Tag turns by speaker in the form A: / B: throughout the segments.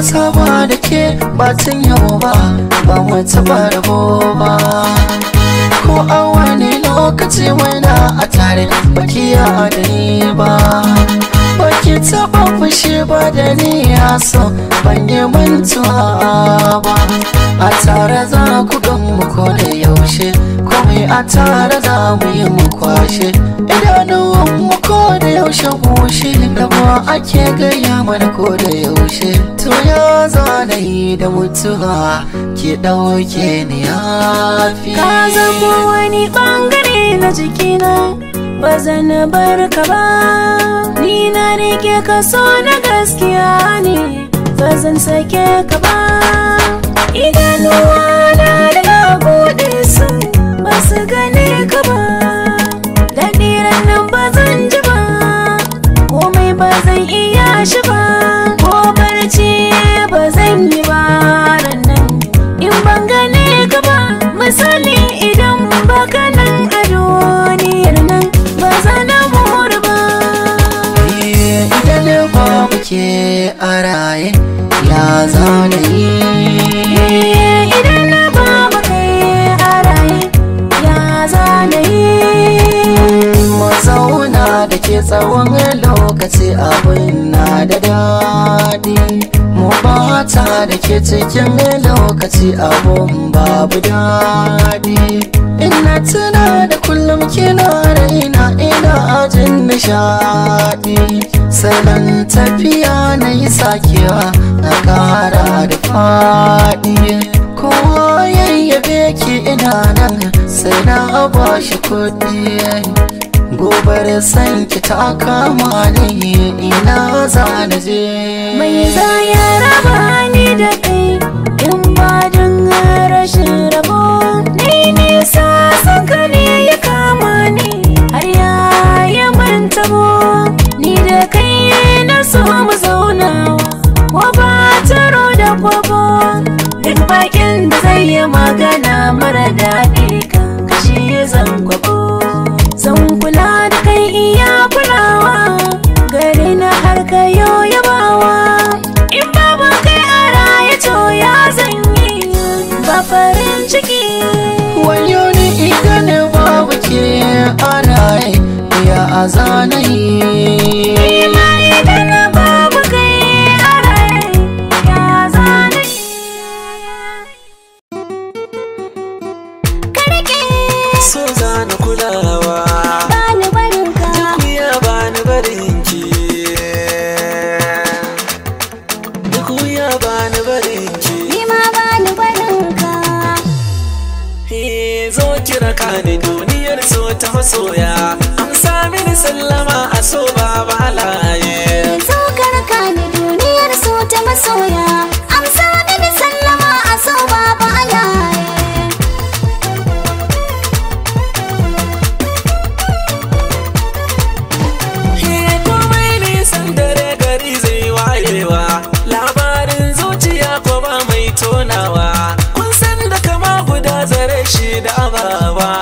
A: saba da ke ba tun yau ba ba mu taba rabo ba ko a wani lokaci muna a tare baki ya da ni ba baki taba fushi ba da ni ya so ban yi mantuwa ba a tare za ku gan mu da yaushe mai a tare za mu yi mu kwashe idanun mu ko da yaushe bushe da ba ake gaya mana ko da yaushe to ya na yi da mutuwa ke dauke ni ya fi ka zama wani bangare na jikina
B: ba zan bar ka ba ni na rike ka so na gaskiya ne ba zan sake ka ba idanuwa basu ganin ka ba daɗiran nan ba zan ji ba komai ba zan iya shi ba ko barci ba zan yi ba nan in ban gane ka ba misali idan ba nan a duniyar
A: nan ba zana mura ba idan ba kuke a raye ya zanayi tsawon lokaci abin na da daɗi mu bata da ke cikin lokaci abun babu daɗi ina tuna da kullum kina da ina jin nishaɗi salon tafiya na yi sakewa na ƙara da faɗi kowa yayyabe ki ina nan sai na ba shi kuɗi gobar ki ta kama ni ina za na je mai za ya raba ni da kai in ba don
B: rashin rabo ni nisa san ka ne ya kama ni har ya ya manta mu ni da kai na so mu zauna wa ba taro da kwabo duk bakin da zai yi magana mara daɗi kan kashe zan kwabo yo ya bawa babu kai a raye to ya zan ba
A: farin ciki wanyo ne ita ne babu ke a raye ya a zanayi
C: raka ni duniyar so ta masoya amsa mini sallama a so ba balaye so ka raka ni duniyar so ta masoya amsa mini sallama a so ba
B: balaye
C: Komai nisan dare gari zai wayewa shi da ababa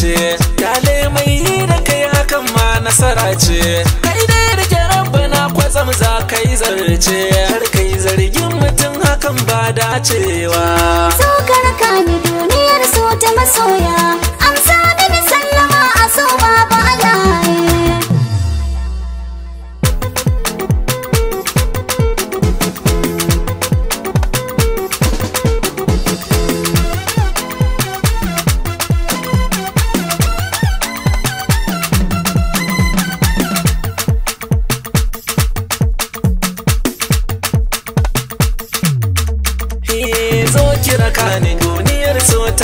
C: ce kale mai yi da kai hakan ma nasara ce kai dai rike na kwatsam za ka yi zarce har kai zargin mutum hakan ba dacewa so ka ni duniyar so
B: ta masoya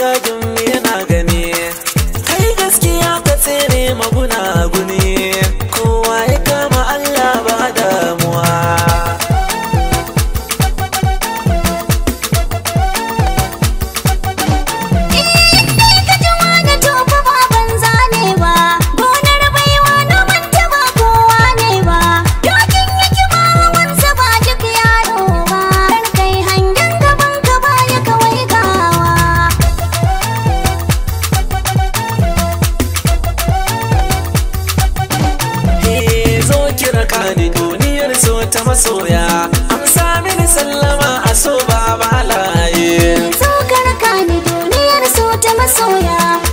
C: do not ta masoya an sami sallama a so ba ba laye so ni duniyar so ta masoya